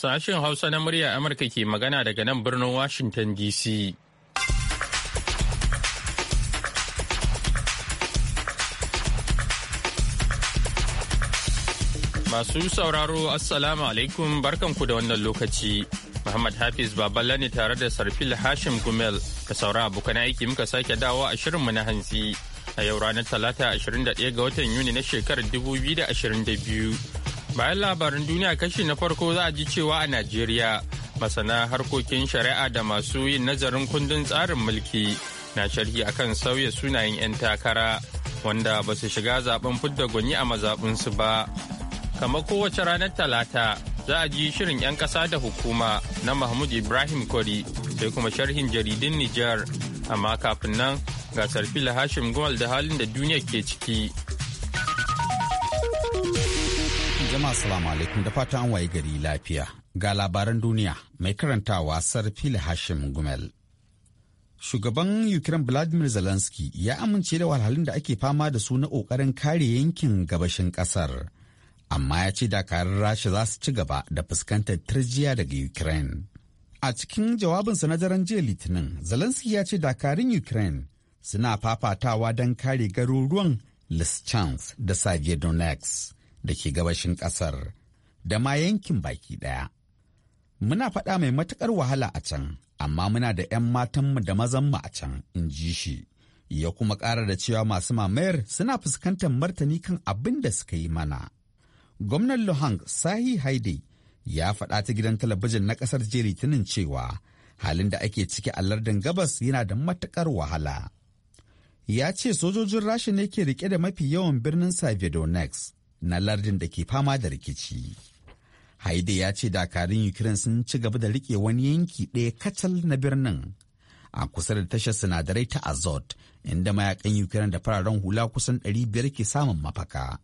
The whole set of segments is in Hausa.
Sashen Hausa na murya Amurka ke magana daga nan birnin Washington DC. Masu sauraro Assalamu alaikum barkanku da wannan lokaci. Muhammad Hafiz Baballa ne tare da Sarfil Hashim Gumel ka saura abokan aiki muka sake dawo a shirinmu na hantsi. A yau ranar Talata 21 ga watan Yuni na shekarar 2022. Bayan labarin duniya kashi na farko za a ji cewa a Najeriya masana harkokin shari'a da masu yin nazarin kundin tsarin mulki na sharhi akan sauya sunayen 'yan takara wanda ba su shiga zaben fidda gwani a mazaɓinsu ba. Kamar kowace ranar Talata za a ji shirin 'yan ƙasa da hukuma na Mahmud Ibrahim Kwari sai kuma sharhin jaridin Nijar amma kafin nan ga fila Hashim Gumal da halin da duniya ke ciki. jama'a salamu alaikum da fatan waye gari lafiya ga labaran duniya mai karantawa fili hashim gumel shugaban ukraine vladimir zelensky ya amince da wahalhalun da ake fama da su na kokarin kare yankin gabashin kasar amma ya ce dakarun rasha za su ci gaba da fuskantar turjiya daga ukraine a cikin jawabinsa na daren jiya litinin zelensky ya ce dakarun ukraine suna fafatawa don kare garuruwan lischance da donetsk da ke gabashin ƙasar da ma yankin baki ɗaya. Muna faɗa mai matuƙar wahala a can, amma muna da 'yan matanmu da mazanmu a can, in ji shi. Ya kuma ƙara da cewa masu mamayar suna fuskantar martani kan abin da suka yi mana. Gwamnan Luhang Sahi Haide ya faɗa ta gidan talabijin na ƙasar jiya Litinin cewa halin da ake ciki a lardin gabas yana da matuƙar wahala. Ya ce sojojin Rasha ne ke rike da mafi yawan birnin Next. na lardin da ke fama da rikici. Haide ya ce dakarun Ukraine sun ci gaba da rike wani yanki ɗaya kacal na birnin a kusa da tashar sinadarai ta Azot inda mayakan Ukraine da fararen hula kusan 500 ke samun mafaka.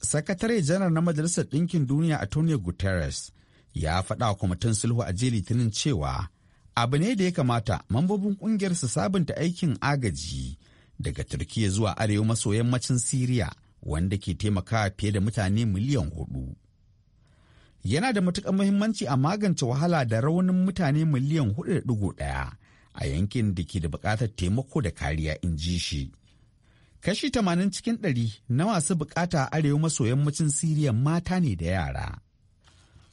Sakatare janar na Majalisar Ɗinkin Duniya a Antonio Guterres ya faɗa wa kwamitin sulhu a jiya litinin cewa abu ne da ya kamata mambobin ƙungiyar su sabunta aikin agaji daga Turkiyya zuwa arewa maso yammacin Siriya. wanda ke taimakawa fiye da mutane miliyan hudu. Yana da matuƙar muhimmanci a magance wahala da raunin mutane miliyan hudu da dugu ɗaya a yankin da ke da buƙatar taimako da kariya in ji shi. Kashi tamanin cikin ɗari na masu buƙata arewa maso yammacin Siriya mata ne da yara.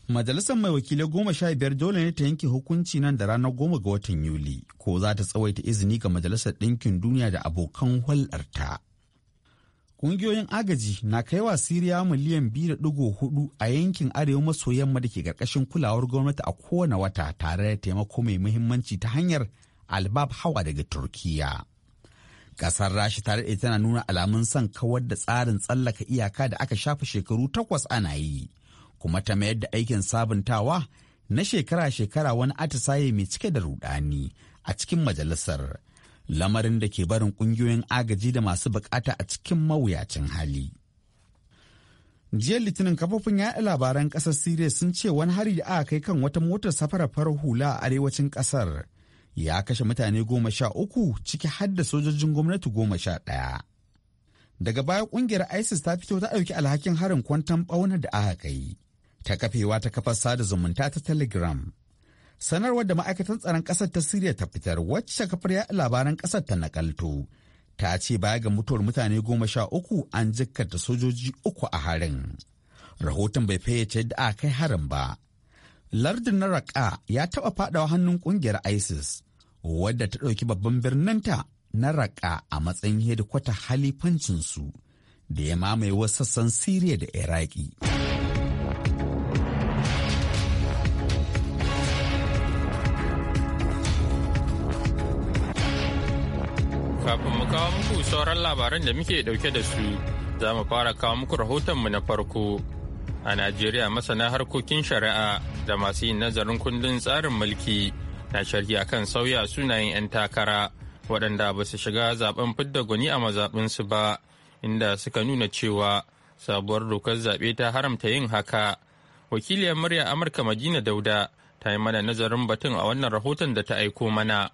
Majalisar mai wakilai goma sha biyar dole ne ta yanke hukunci nan da ranar goma ga watan Yuli ko za ta tsawaita izini ga Majalisar Ɗinkin Duniya da abokan hulɗarta. Ƙungiyoyin agaji na kaiwa Siriya miliyan 2.4 a yankin arewa maso yamma da ke ƙarƙashin kulawar gwamnati a kowane wata tare da taimako mai muhimmanci ta hanyar albab hawa daga Turkiya. Ƙasar Rashi tare da tana nuna alamun son kawar da tsarin tsallaka iyaka da aka shafa shekaru takwas ana yi, kuma ta mayar da aikin sabuntawa na shekara-shekara wani atisaye mai cike da rudani a cikin majalisar. lamarin da ke barin ƙungiyoyin agaji da masu bukata a cikin mawuyacin hali. jiya litinin kafofin yaɗa labaran ƙasar siriya sun ce wani hari da aka kai kan wata motar safarar farar hula a arewacin ƙasar ya kashe mutane goma sha uku ciki har da sojojin gwamnati goma sha ɗaya daga baya ƙungiyar isis ta fito ta ɗauki alhakin harin kwantan ɓauna da aka kai ta kafewa ta kafar sada zumunta ta telegram sanarwar da ma'aikatan tsaron ƙasar ta siriya ta fitar wacce kafar ya labaran ƙasar ta nakalto ta ce baya ga mutuwar mutane goma sha uku an jikkata sojoji uku a harin rahoton bai fayyace da a kai harin ba lardin na raka ya taɓa faɗawa hannun ƙungiyar isis wadda ta ɗauki babban birninta na raka a matsayin hedikwata halifancinsu da ya mamaye wasu sassan siriya da iraki. kawo muku sauran labaran da muke dauke da su za mu fara kawo muku rahotonmu na farko a najeriya masana harkokin shari'a da masu yin nazarin kundin tsarin mulki na sharhi akan sauya sunayen 'yan takara waɗanda ba su shiga zaben fidda gwani a mazaɓinsu ba inda suka nuna cewa sabuwar dokar zaɓe ta haramta yin haka wakiliyar murya amurka madina dauda ta yi mana nazarin batun a wannan rahoton da ta aiko mana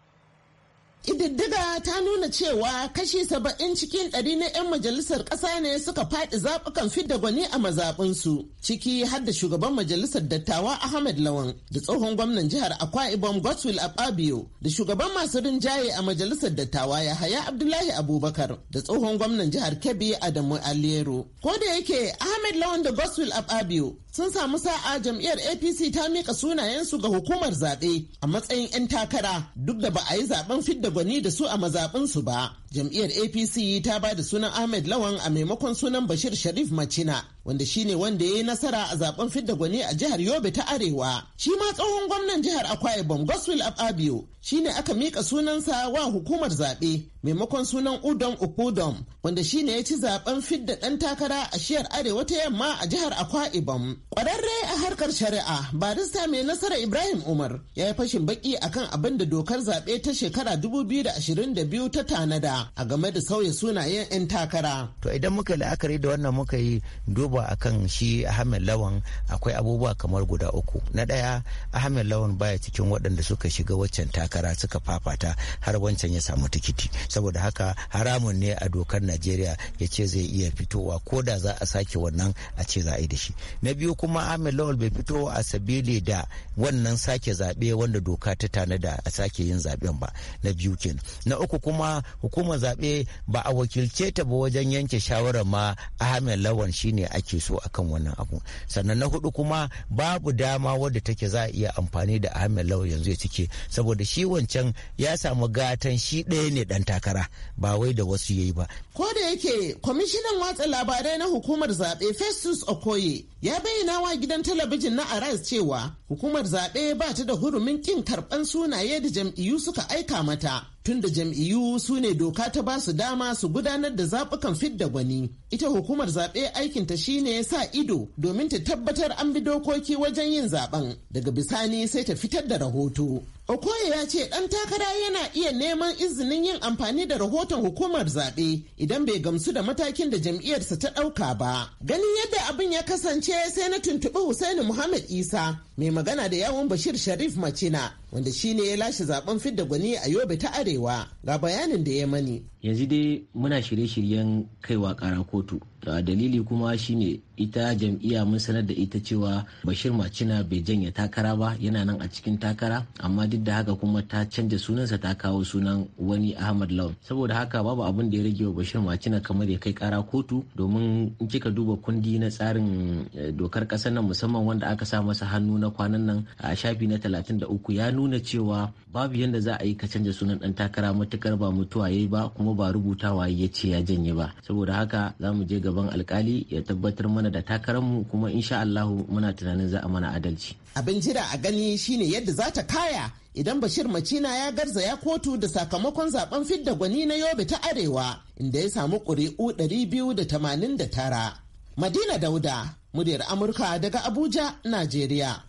Ƙididdiga ta nuna cewa kashi saba'in cikin ɗari na 'yan majalisar ƙasa ne suka faɗi zaɓukan fidda gwani a mazaɓinsu, ciki har da shugaban majalisar dattawa Ahmed Lawan da tsohon gwamnan jihar Akwa Ibom Godswill Akpabio da shugaban masu rinjaye a majalisar dattawa Yahaya Abdullahi Abubakar da tsohon gwamnan jihar Kebbi Adamu Aliero. Ko da yake Ahmed Lawan da Godswill Akpabio sun samu sa'a jam'iyyar APC ta mika sunayensu ga hukumar zaɓe a matsayin 'yan takara duk da ba a yi zaɓen fidda gwani da su a mazaɓinsu ba. Jam'iyyar APC ta ba da sunan Ahmed Lawan a maimakon sunan Bashir Sharif Macina, wanda shine wanda ya yi nasara a zaben fidda gwani a jihar Yobe ta Arewa. Shi ma tsohon gwamnan jihar Akwa Ibom goswil Ababio shine aka mika sunansa wa hukumar zaɓe maimakon sunan udom ukudom wanda shine ya ci zaben fidda ɗan takara a shiyar arewa ta yamma a jihar akwa ibom ƙwararre a harkar shari'a barista mai nasara ibrahim umar ya yi fashin baki akan abin da dokar zaɓe ta shekara 2022 ta tanada a game da sauya sunayen 'yan takara to idan muka la'akari da wannan muka yi duba akan shi ahmed lawan akwai abubuwa kamar guda uku na ɗaya ahmed lawan baya cikin waɗanda suka shiga waccan takara takara suka fafata har wancan ya samu tikiti saboda haka haramun ne a dokar najeriya ya ce zai iya fitowa ko da za a sake wannan a ce za a yi da shi na biyu kuma ahmed lawal bai fito a sabili da wannan sake zaɓe wanda doka ta tanada a sake yin zaɓen ba na biyu kenan na uku kuma hukumar zaɓe ba a wakilce ta ba wajen yanke shawarar ma ahmed lawal shine ake so akan wannan abu sannan na hudu kuma babu dama wadda take za a iya amfani da ahmed lawal yanzu ya cike saboda shi shi wancan ya samu gatan shi ɗaya ne ɗan takara ba wai da wasu yayi ba. Ko da yake kwamishinan watsa labarai na hukumar zaɓe Festus Okoye ya bayyana wa gidan talabijin na Arise cewa hukumar zaɓe ba ta da hurumin kin karɓan sunaye da jam'iyyu suka aika mata. tunda jam'iyyu su ne doka ta ba su dama su gudanar da zaɓukan fidda gwani ita hukumar zaɓe aikinta shine sa ido domin ta tabbatar an bi dokoki wajen yin zaɓen daga bisani sai ta fitar da rahoto Okoye ya ce ɗan takara yana iya neman izinin yin amfani da rahoton hukumar zaɓe idan bai gamsu da matakin da jam'iyyarsa ta ɗauka ba. Ganin yadda abin ya kasance sai na tuntuɓi Hussaini Muhammad Isa mai magana da yawon Bashir Sharif Macina wanda shine ya lashe zaben fidda gwani a yobe ta arewa ga bayanin da ya mani yanzu dai muna shirye-shiryen kaiwa kara kotu a dalili kuma shine ita jam'iyya mun sanar da ita cewa bashir macina bai janye takara ba yana nan a cikin takara amma duk da haka kuma ta canza sunansa ta kawo sunan wani ahmad lawan saboda haka babu abin da ya rage wa bashir macina kamar ya kai kara kotu domin in kika duba kundi na tsarin eh, dokar kasar nan musamman wanda aka sa masa hannu na kwanan nan a shafi na talatin da uku ya nuna. nuna cewa babu yadda za a yi ka canza sunan dan takara matukar ba mutuwa yi ba kuma ba rubutawa ya ce ya janye ba saboda haka za mu je gaban alkali ya tabbatar mana da takararmu kuma insha Allahu muna tunanin za a mana adalci abin jira a gani shine yadda za ta kaya idan bashir macina ya garzaya kotu da sakamakon zaben fidda gwani na yobe ta arewa inda ya samu ƙuri'u tara madina dauda muryar amurka daga abuja najeriya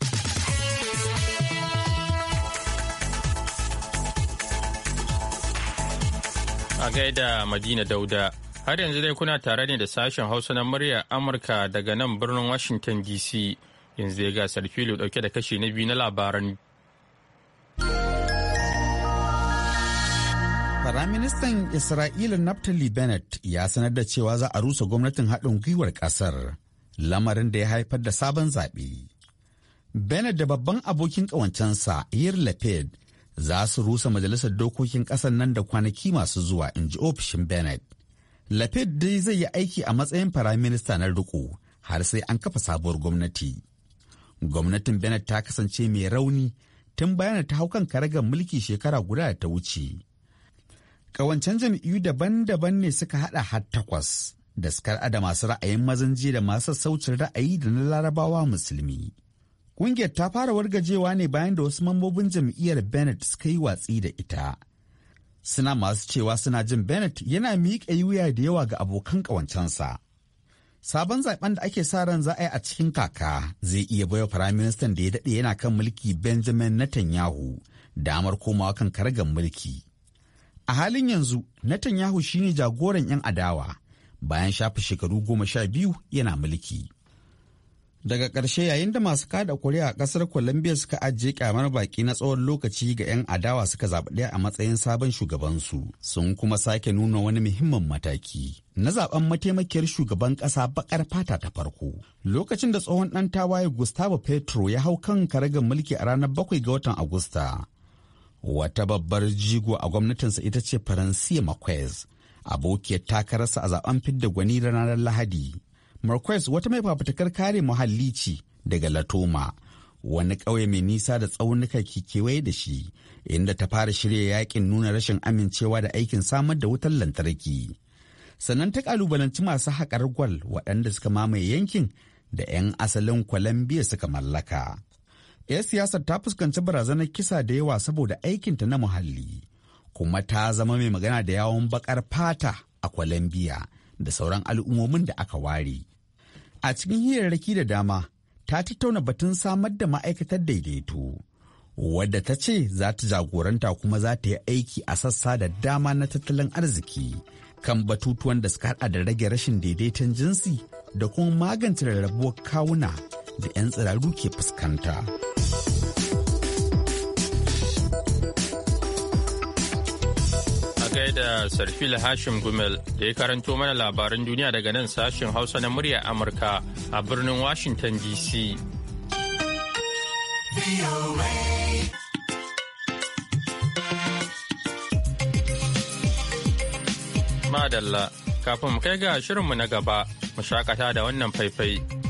A gaida Madina Dauda, har yanzu dai kuna tare ne da sashen Hausa na murya Amurka daga nan birnin Washington DC. Yanzu dai ga Sarfilo dauke da kashi na biyu na labaran. Firaministan Isra'ila Naftali Bennett ya sanar da cewa za a rusa gwamnatin haɗin gwiwar ƙasar, lamarin da ya haifar da sabon zaɓe. Bennett da babban abokin ƙawancensa Yair Lapid za su rusa majalisar dokokin ƙasar nan da kwanaki masu zuwa in ji ofishin bennett lafid dai zai yi aiki a matsayin firaminista na riko har sai an kafa sabuwar gwamnati gwamnatin bennett ta kasance mai rauni tun bayan ta hau kan karagar mulki shekara guda da ta wuce ƙawancen jam'iyyu daban-daban ne suka haɗa har takwas da suka da masu ra'ayin mazan da masu saucin ra'ayi da na larabawa musulmi Ƙungiyar ta fara wargajewa ne bayan da wasu mambobin jam'iyyar Bennett suka yi watsi da ita. Suna masu cewa suna jin Bennett yana miƙa wuya da yawa ga abokan ƙawancensa. Sabon zaben da ake sa ran za a yi a cikin kaka zai iya baiwa firaministan da ya daɗe yana kan mulki Benjamin Netanyahu damar komawa kan karagar mulki. A halin yanzu, Netanyahu shine jagoran 'yan adawa bayan shafe shekaru goma sha biyu yana mulki. daga ƙarshe yayin da masu kada kuri'a a ƙasar colombia suka ajiye kyamar baki na tsawon lokaci ga 'yan adawa suka zaɓi ɗaya a matsayin sabon shugabansu sun kuma sake nuna wani muhimmin mataki na zaben mataimakiyar shugaban ƙasa baƙar fata ta farko lokacin da tsohon ɗan tawaye gustavo petro ya hau kan karagar mulki a ranar bakwai ga watan agusta wata babbar jigo a gwamnatinsa ita ce faransiya marquez abokiyar takararsa a zaben fidda gwani ranar lahadi marquez wata mai fafutukar kare muhalli ce daga latoma wani ƙauye mai nisa da tsaunuka ke kewaye da shi inda ta fara shirya yakin nuna rashin amincewa da aikin samar da wutar lantarki sannan ta kalubalanci masu haƙar gwal waɗanda suka mamaye yankin da 'yan asalin kwalambiya suka mallaka. 'Yar siyasar ta fuskanci barazanar kisa da yawa saboda aikinta na muhalli, kuma ta zama mai magana da yawon bakar fata a kwalambiya da sauran al'ummomin da aka ware. a cikin hirarraki da dama ta tattauna batun samar da ma'aikatar daidaito wadda ta ce za ta jagoranta kuma za ta yi aiki a sassa da dama na tattalin arziki kan batutuwan da suka hada da rage rashin daidaiton jinsi da kuma magance rarrabuwar kawuna da 'yan tsiraru ke fuskanta. da sarfila Hashim Gumel da ya karanto mana labaran duniya daga nan sashen Hausa na murya Amurka a birnin Washington DC. Madalla, kafin mu kai ga shirinmu na gaba, mu shakata da wannan faifai.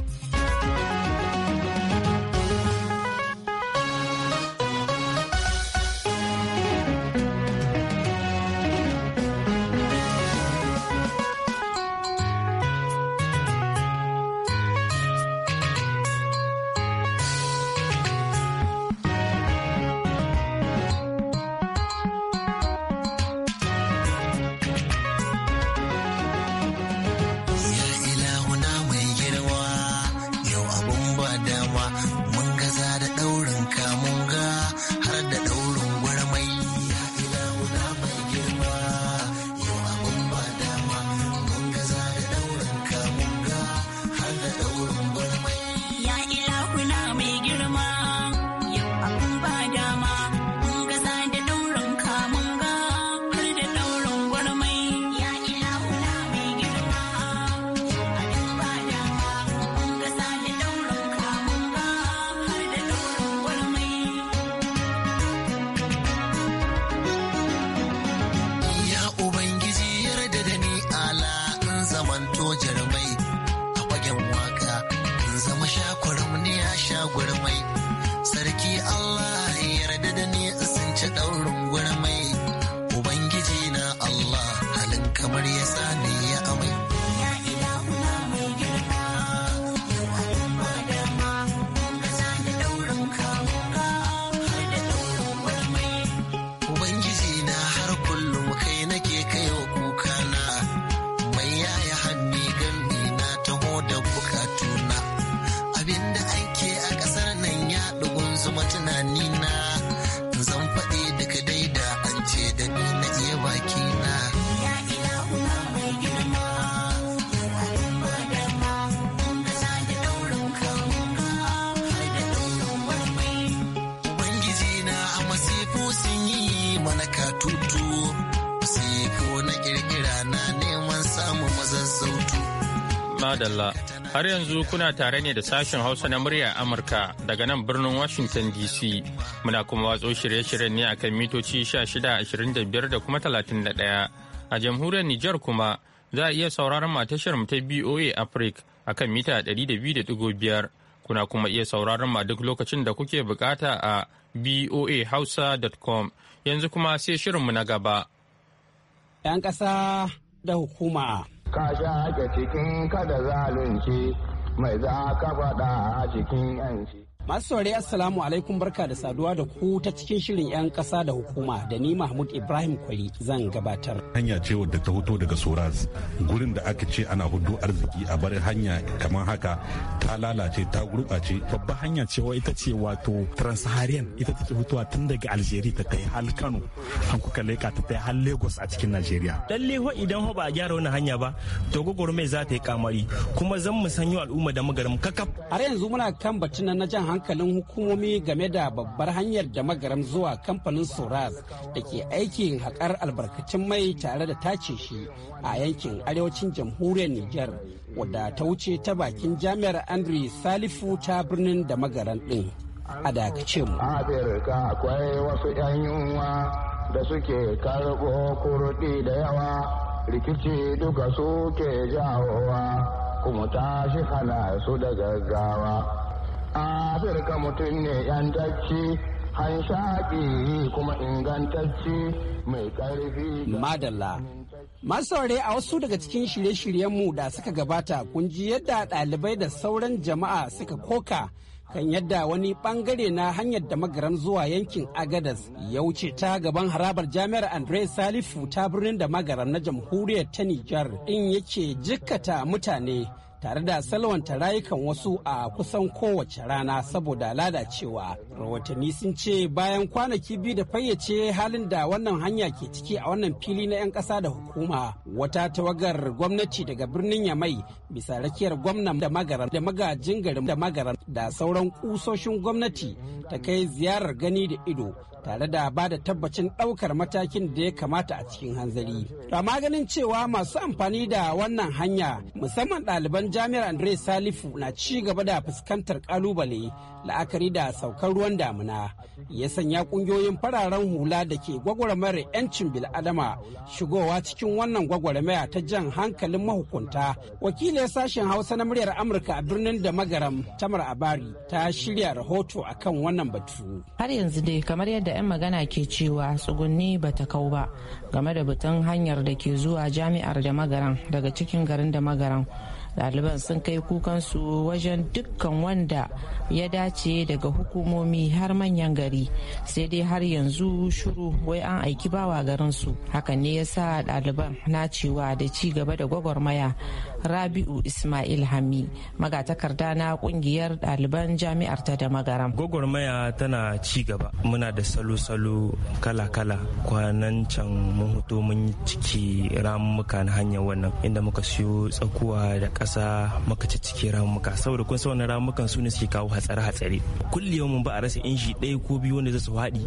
madalla har yanzu kuna tare ne da sashen hausa na murya amurka daga nan birnin washington dc muna kuma watso shirye-shiryen ne akan mitoci 1625 da kuma 31 a jamhuriyar nijar kuma za a iya sauraron tashar mu ta boa africa akan mita 200.5 kuna kuma iya sauraron ma duk lokacin da kuke bukata a boahausa.com yanzu kuma sai shirinmu na gaba 'yan ƙasa da hukuma ka sha cikin kada zalunci mai za ka faɗa a cikin yanci. Masu saurari Assalamu alaikum barka da saduwa da ku ta cikin shirin 'yan kasa da hukuma da ni Mahmud Ibrahim kwali zan gabatar. Hanya ce wadda ta hoto daga Soraz gurin da aka ce ana hudu arziki a bar hanya kamar haka ta lalace ta gurɓace. Babba hanya ce ita ce wato Transaharian ita take hutuwa tun daga Algeria ta kai hal Kano an kuka leka ta kai hal Lagos a cikin Najeriya. Lalle ho idan ho ba a gyara wani hanya ba to gwagwarmai za ta yi kamari kuma zan mu sanyo al'umma da magaram kakaf. Har yanzu muna kan batun na jan hankalin hukumomi game da babbar hanyar da magaram zuwa kamfanin soraz da ke aikin haƙar albarkacin mai tare da tace shi a yankin arewacin jamhuriyar niger wadda ta wuce ta bakin jami'ar andre salifu ta birnin da magaran din a dakace mu akwai wasu 'yan yunwa da suke karɓo kurɗi da yawa rikici duka suke jawowa kuma tashi hana su da gaggawa afirka mutum ne yantacce hanshaƙi kuma ingantacce mai ƙarfi madalla masu saurare a wasu daga cikin shirye-shiryenmu da suka gabata kun ji yadda ɗalibai da sauran jama'a suka koka kan yadda wani bangare na hanyar da magaram zuwa yankin agadas ya wuce ta gaban harabar jami'ar andre salifu ta birnin da magaram na jamhuriyar ta nijar in yake jikkata mutane tare da salwanta rayukan wasu a kusan kowace rana saboda lalacewa rahotanni sun ce bayan kwanaki biyu da fayyace halin da wannan hanya ke ciki a wannan fili na 'yan ƙasa da hukuma wata tawagar gwamnati daga birnin yamai bisa rakiyar gwamnan da magaran da magajin garin da magaran da sauran kusoshin gwamnati ta kai ziyarar gani da ido tare da ba da tabbacin ɗaukar matakin da ya kamata a cikin hanzari. Amma ganin cewa masu amfani da wannan hanya musamman ɗaliban jami'ar Andre Salifu na ci gaba da fuskantar ƙalubale la'akari da saukar ruwan damina ya sanya ƙungiyoyin fararen hula da ke gwagwarmayar 'yancin bil'adama shigowa cikin wannan gwagwarmaya ta jan hankalin mahukunta. Wakilin sashen Hausa na muryar Amurka a birnin da magaram Tamar Abari ta shirya rahoto akan wannan batu. Har yanzu dai kamar yadda da 'yan magana ke cewa tsugunni ba ta kau ba game da batun hanyar da ke zuwa jami'ar da magaran daga cikin garin da magaran ɗaliban sun kai kukansu wajen dukkan wanda ya dace daga hukumomi har manyan gari sai dai har yanzu shuru wai an aiki bawa garinsu hakan ne ya sa ɗaliban na cewa da ci gaba da gwagwarmaya rabi'u ismail hami magatakarda na kungiyar ɗaliban jami'ar ta da magaram gwagwarmaya tana ci gaba muna da salo-salo kala-kala kwanan can mun hoto mun ciki ramuka na hanyar wannan inda muka siyo tsakuwa da ƙasa muka ci ciki ramuka saboda kun sauna ramukan su ne suke kawo hatsari-hatsari kullum mun ba a rasa inji ɗaya ko biyu wanda zai su haɗi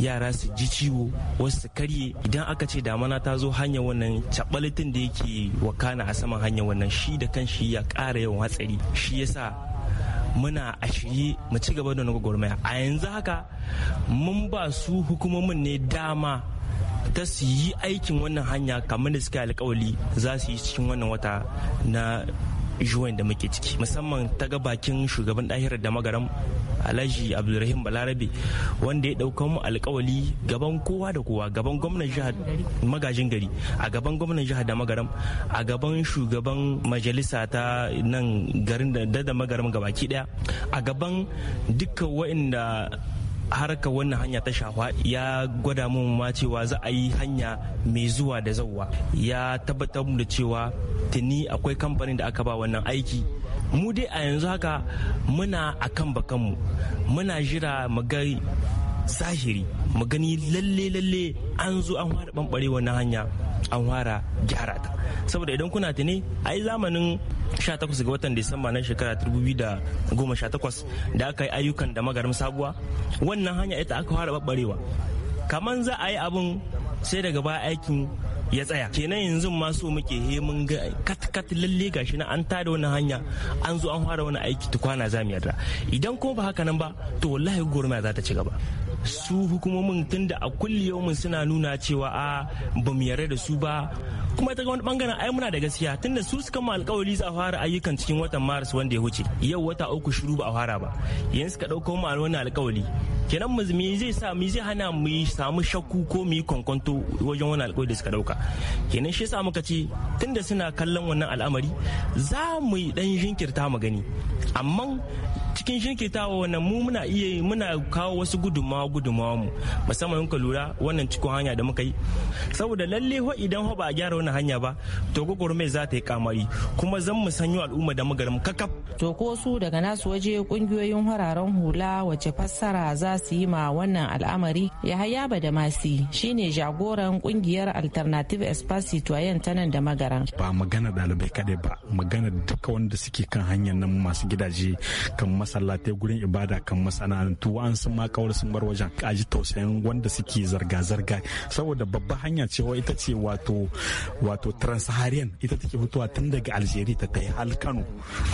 yara su ji ciwo wasu su karye idan aka ce damana ta zo hanyar wannan cabalitin da yake wakana a saman hanyar wannan shi da kan shi ya kara yawan hatsari shi yasa muna a shirye mu ci gaba da gwagwarmaya a yanzu haka mun ba su hukumomin ne dama ta su yi aikin wannan hanya kamar da suka alkawali za su yi cikin wannan wata na juwan da muke ciki musamman ta ga bakin shugaban ɗahirar da magaram alhaji abdulrahim balarabe wanda ya ɗauka mu alkawali gaban kowa da kowa gaban gwamnan jihar magajin gari a gaban gwamnan jihar da magaram a gaban shugaban majalisa ta nan garin da da magaram gabaki daya a gaban dukkan wa'inda harkar wannan hanya ta shafa ya gwada mun ma cewa za a yi hanya mai zuwa da zauwa ya tabbatar da cewa tuni akwai kamfanin da aka ba wannan aiki mu dai a yanzu haka muna a kan bakanmu muna jira magari zahiri mu gani lalle lalle an zo an fara bambare wannan hanya an fara gyara ta saboda idan kuna tuni yi zamanin 18 ga watan Disamba na shekara 2018 da aka yi ayyukan da magarin sabuwa wannan hanya ita aka fara babbarewa kaman za a yi abun sai daga baya aikin ya tsaya kenan yanzu ma so muke he mun ga kat lalle gashi na an tada wani hanya an zo an fara wani aiki tukwana za mu yarda idan kuma ba haka nan ba to wallahi gwamnati za ta ci gaba su hukumomin tunda a kulli yawon suna nuna cewa a bamu mu yarda da su ba kuma ta wani bangaren ai muna da gaskiya tunda su suka ma alkawari za a fara ayyukan cikin watan maris wanda ya wuce yau wata uku shiru ba a fara ba yanzu suka dauko mu wani alkawari kenan mu me zai sa mu zai hana mu samu shakku ko mu yi kwankwanto wajen wani alkawari da suka dauka kenan shi yasa muka ce tunda suna kallon wannan al'amari za mu yi dan jinkirta mu gani amma cikin shinkitawa wannan mu muna iya muna kawo wasu gudunmawa gudunmawa mu musamman ka lura wannan cikin hanya da muka yi saboda lalle ho idan ho ba a gyara wannan hanya ba to gwagwarmai za ta yi kamari kuma zan mu sanyo al'umma da magaram kakaf to ko su daga nasu waje kungiyoyin hararen hula wace fassara za su yi ma wannan al'amari yahaya masi shine jagoran kungiyar alternative espace citoyen ta nan da magaran ba magana dalibai kadai ba magana duka wanda suke kan hanyar nan masu gidaje kan masallatai gurin ibada kan masana'antu an sun ma kawar sun bar wajen kaji tausayin wanda suke zarga-zarga saboda babba hanya ce ita ce wato wato transaharian ita take fitowa tun daga algeria ta tai hal kano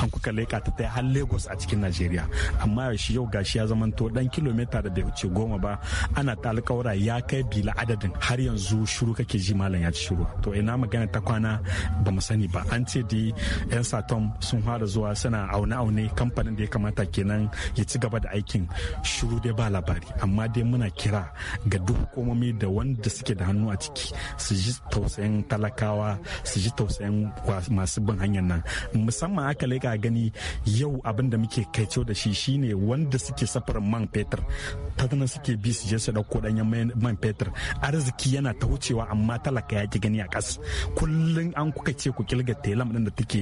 an kuka leka ta tai hal lagos a cikin nigeria amma shi yau gashi ya zama to dan kilomita da bai wuce goma ba ana ta alkawura ya kai bila adadin har yanzu shiru kake ji malam ya ci shiru to ina magana ta kwana ba sani ba an ce dai yan satom sun fara zuwa suna aune-aune kamfanin da ya kamata kamata kenan ya ci gaba da aikin shiru dai ba labari amma dai muna kira ga duk hukumomi da wanda suke da hannu a ciki su ji tausayin talakawa su ji tausayin masu bin hanyar nan musamman aka leka gani yau abin da muke kaicewa da shi shine wanda suke safar man fetur ta suke bi su je su dauko danyen man fetur arziki yana ta wucewa amma talaka ya ki gani a kas kullum an kuka ce ku kilga telam din da take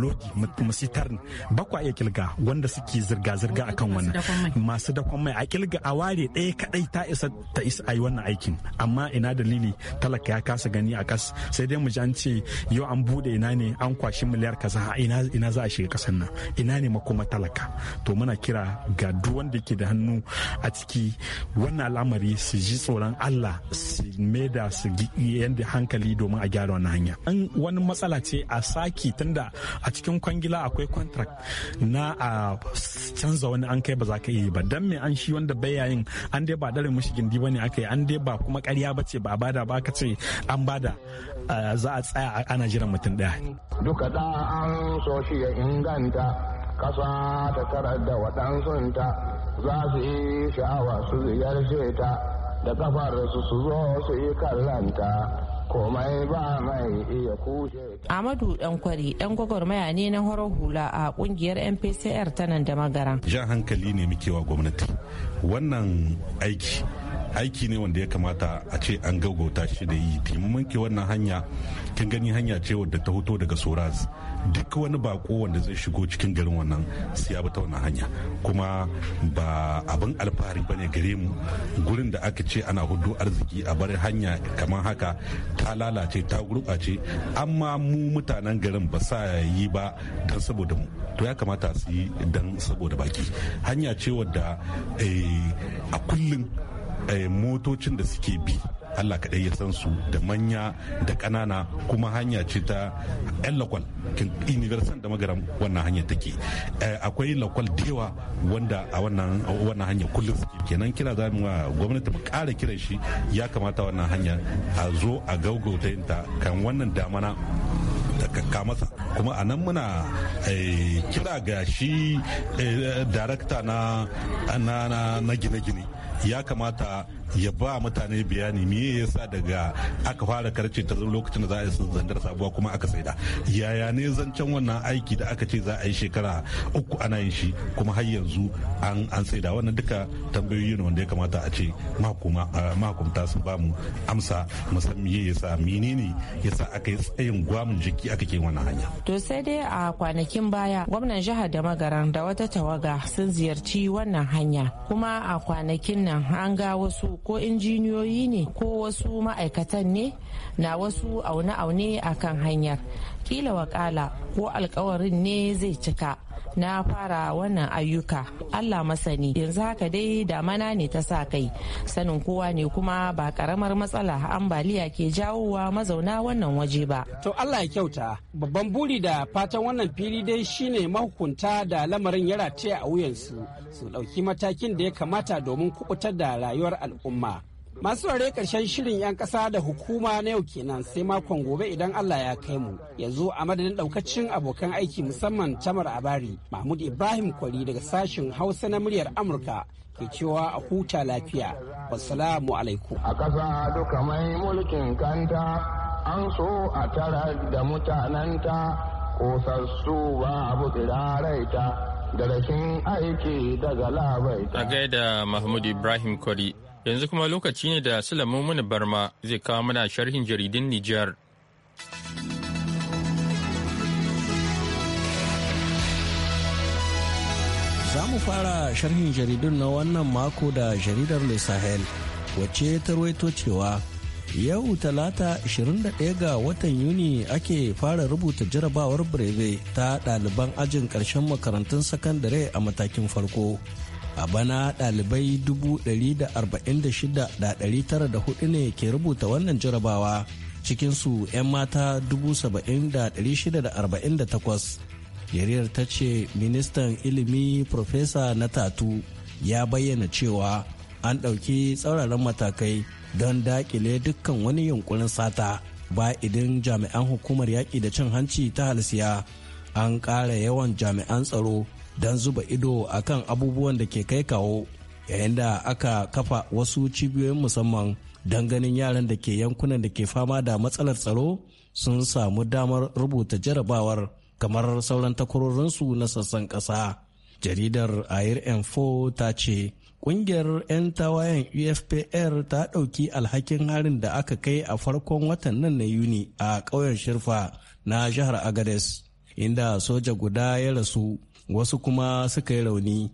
lodi musitar ba iya kilga wanda suke suke zirga-zirga kan wannan masu dakon mai a kilga a ware ɗaya kaɗai ta isa ta isa a yi wannan aikin amma ina dalili talaka ya kasa gani a kas sai dai mu ji an ce yau an buɗe ina ne an kwashi miliyar kaza ina ina za a shiga kasar nan ina ne makoma talaka to muna kira ga duk wanda ke da hannu a ciki wannan al'amari su ji tsoron Allah su maida su yanda hankali domin a gyara wannan hanya an wani matsala ce a saki tunda a cikin kwangila akwai contract na a ah, canza wani an kai ba za ka yi ba dan me an shi wanda baya yin an dai ba dare mushi gindi bane aka yi an dai ba kuma ƙarya ba ce ba bada ba ka ce an bada za a tsaya ana jiran mutum daya duka da an so shi ya inganta kasa ta tarar da waɗansunta za su yi sha'awa su ziyarce ta da kafar su su zo su yi kallanta komai ba mai iya kushe Amadu Dankwari dan gwagwarmaya ne na horar hula a ƙungiyar MPCR ta nan da magara. Jan hankali ne muke wa gwamnati. Wannan aiki aiki ne wanda ya kamata a ce an gaugauta shi da yi taimamanke wannan hanya kin gani hanya ce wadda ta hoto daga soraz duk wani bako wanda zai shigo cikin garin wannan sai ya ta wannan hanya kuma ba abin alfahari ba ne gare mu gurin da aka ce ana hudu arziki a bar hanya kamar haka ta lalace ta gurɓace amma mu mutanen garin ba sa yi ba don saboda mu to ya kamata su yi don saboda baki hanya ce wadda eh, a kullum Eh, motocin da suke bi Allah kaɗai ya san su da manya da ƙanana kuma hanya ce ta yan lakwal universal da magaram wannan hanya take eh, akwai lakwal dewa wanda a wannan hanya kullum suke kenan kira za mu gwamnati mu ƙara kiran shi ya kamata wannan hanya a zo a gaugauta ta kan wannan damana da kakka masa kuma a nan muna eh, kira ga shi darakta na gine-gine ya kamata ya ba mutane bayani me yasa daga aka fara karce ta lokacin da za a yi zandar sabuwa kuma aka saida yaya ne zancen wannan aiki da aka ce za a yi shekara uku ana yin shi kuma har yanzu an an saida wannan duka tambayoyi ne wanda ya kamata a ce mahukumta sun ba mu amsa musamman me yasa menene yasa aka yi tsayin gwamin jiki aka ke wannan hanya to sai dai a kwanakin baya gwamnan jihar da magaran da wata tawaga sun ziyarci wannan hanya kuma a kwanakin nan an ga wasu ko injiniyoyi ne ko wasu ma'aikatan ne na wasu aune-aune a kan hanyar kila wakala ko alkawarin ne zai cika na fara wannan ayyuka allah masani yanzu haka dai damana ne ta sa kai sanin kowa ne kuma ba karamar matsala ambaliya ke jawowa mazauna wannan waje ba to allah ya kyauta babban buri da fatan wannan fili dai shine mahukunta da lamarin ya rataya a wuyansu su ɗauki matakin da ya kamata domin kubutar da rayuwar al'umma Masu ware karshen shirin 'yan kasa da hukuma na yau kenan sai makon gobe idan Allah ya kai mu. Yanzu a madadin ɗaukacin abokan aiki musamman Tamar Abari, Mahmud Ibrahim Kwari daga sashen Hausa na muryar Amurka ke cewa a huta lafiya. wasalamu alaikum. A kasa duka mai mulkin kanta an so a tara da mutananta sassu ba abu da rashin aiki daga labaita. A gaida Mahmud Ibrahim Kwari. Yanzu kuma lokaci ne da Sulaiman Barma zai kawo mana sharhin jaridin Nijar. Za mu fara sharhin jaridun na wannan mako da jaridar Le Sahel, wacce ta ruwaito cewa yau talata 21 ga watan yuni ake fara rubuta jarabawar breve ta ɗaliban ajin ƙarshen makarantun sakandare a matakin farko a bana ɗalibai 146,904 ne ke rubuta wannan jarabawa cikinsu 'yan mata 70,648 yariyar ta ce ministan ilimi profesa na tatu ya bayyana cewa an ɗauki tsauraran matakai don daƙile dukkan wani yunkurin sata ba idan jami'an hukumar yaƙi da cin hanci ta halsiya an ƙara yawan jami'an tsaro don zuba ido a kan abubuwan da ke kai kawo yayin da aka kafa wasu cibiyoyin musamman don ganin yaran da ke yankunan da ke fama da matsalar tsaro sun samu damar rubuta jarabawar kamar sauran takwarorinsu na sassan ƙasa. jaridar air info ta ce ƙungiyar 'yan tawayen ufpr ta ɗauki alhakin harin da aka kai a farkon watan nan na yuni a ƙauyen shirfa na jihar agades inda soja guda ya rasu wasu kuma suka yi rauni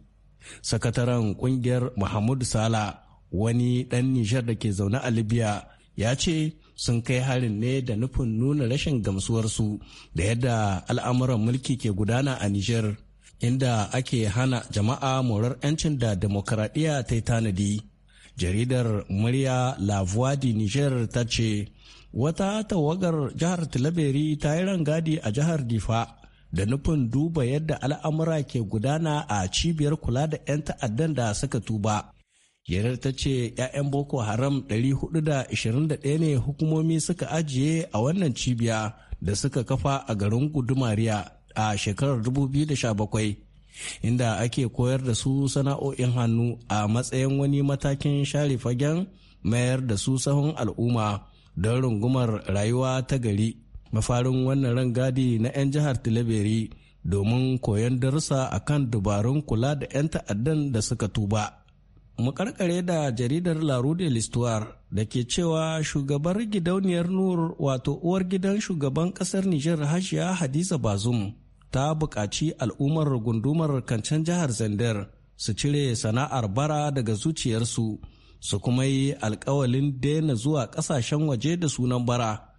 sakataren kungiyar muhammadu sala wani dan nijar da ke zaune a libya ya ce sun kai harin ne da nufin nuna rashin gamsuwarsu da yadda al'amuran mulki ke gudana a nijar inda ake hana jama'a morar 'yancin da demokaradiyya ta yi tanadi jaridar murya la voix niger ta ce wata tawagar jihar tilaberi ta yi rangadi a jihar difa da nufin duba yadda al'amura ke gudana a cibiyar kula da 'yan ta'addan da suka tuba. Yarar ta ce 'ya'yan Boko Haram 421 ne hukumomi suka ajiye a wannan cibiya da suka kafa a garin Gudumariya a shekarar 2017. inda ake koyar da su sana'o'in hannu a matsayin wani matakin share fagen mayar da su sahun al'umma don rungumar rayuwa ta gari mafarin wannan rangadi na 'yan jihar tilaberi domin koyon darussa kan dabarun kula da 'yan ta'addan da suka tuba makarkare da jaridar larude listuwar da ke cewa shugabar gidauniyar nur wato uwar gidan shugaban kasar nijar hajiya hadiza bazum ta buƙaci al'ummar gundumar kancan jihar zander su cire sana'ar bara daga zuciyarsu su kuma yi alkawalin daina zuwa ƙasashen waje da sunan bara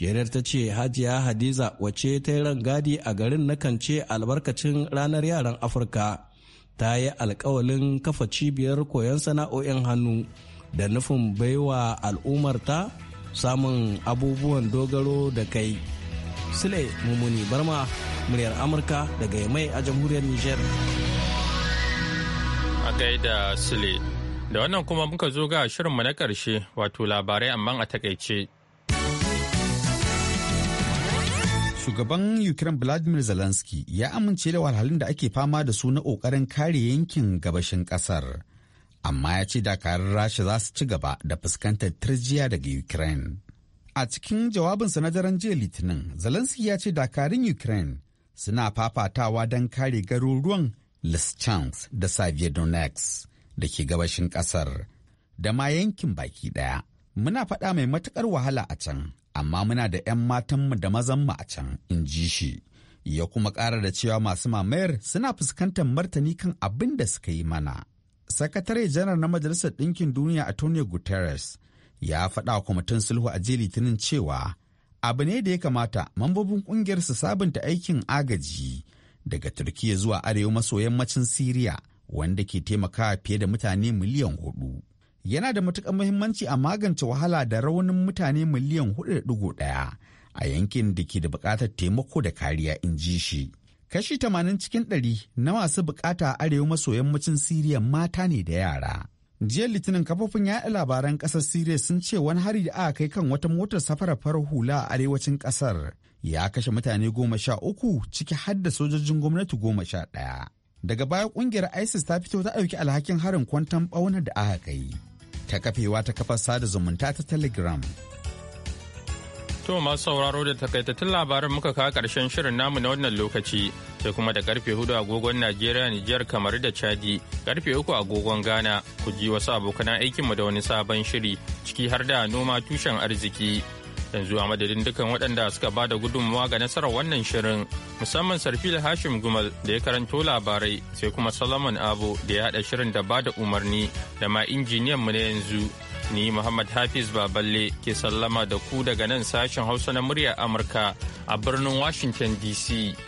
jerar ta ce hajiya hadiza wace ta yi rangadi a garin na kance albarkacin ranar yaran afirka ta yi alkawalin kafa cibiyar koyon sana'o'in hannu da nufin baiwa al'ummarta samun abubuwan dogaro da kai sule mummuni barma muryar amurka daga mai a jamhuriyar niger a gaida sule da wannan kuma muka zo ga shirinmu na ƙarshe wato labarai amma a takaice. Shugaban Ukraine Vladimir Zelensky ya amince da wahalhalun da ake fama da su na ƙoƙarin kare yankin gabashin ƙasar. Amma ya ce dakarun Rasha za su ci gaba da fuskantar turjiya daga Ukraine. A cikin jawabinsa na daren jiya Litinin, Zelensky ya ce dakarun Ukraine suna fafatawa don kare garuruwan Lyschansk da Saviodonex da ke gabashin ƙasar da ma yankin baki ɗaya. Muna faɗa mai matuƙar wahala a can, amma muna da 'yan matanmu da mazan mu a can in ji shi ya kuma ƙara da cewa masu mamayar suna fuskantar martani kan abin da suka yi mana sakatare janar na majalisar ɗinkin duniya antonio guterres ya faɗa wa kwamitin sulhu a jiya litinin cewa abu ne da ya kamata mambobin ƙungiyar su sabunta aikin agaji daga turkiya zuwa arewa maso yammacin siriya wanda ke taimakawa fiye da mutane miliyan hudu yana da matuƙar muhimmanci a magance wahala da raunin mutane miliyan 4.1 a yankin da ke da buƙatar taimako da kariya in ji shi. Kashi 80 cikin 100 na masu buƙata a arewa maso yammacin Siriya mata ne da yara. Jiya Litinin kafofin yaɗa labaran ƙasar Siriya sun ce wani hari da aka kai kan wata motar safarar farar hula a arewacin ƙasar ya kashe mutane goma sha uku ciki har da sojojin gwamnati goma sha ɗaya. Daga baya ƙungiyar ISIS ta fito ta ɗauki alhakin harin kwantan ɓauna da aka kai. ta kafewa ta kafar sada zumunta ta telegram To masu sauraro da takaitattun labarin muka kawo ƙarshen shirin namu na wannan lokaci sai kuma da karfe hudu agogon Najeriya Nijar kamar da Chadi karfe uku agogon Ghana ku ji wasu abokan aikinmu da wani sabon shiri ciki har da noma tushen arziki. yanzu a madadin dukkan waɗanda suka ba da gudunmawa ga nasarar wannan shirin musamman sarfil hashim gumal da ya karanto labarai sai kuma solomon abu da ya haɗa shirin da ba da umarni da ma injiniyan mu na yanzu ni muhammad hafiz baballe ke sallama da ku daga nan sashen hausa na muryar amurka a birnin washington dc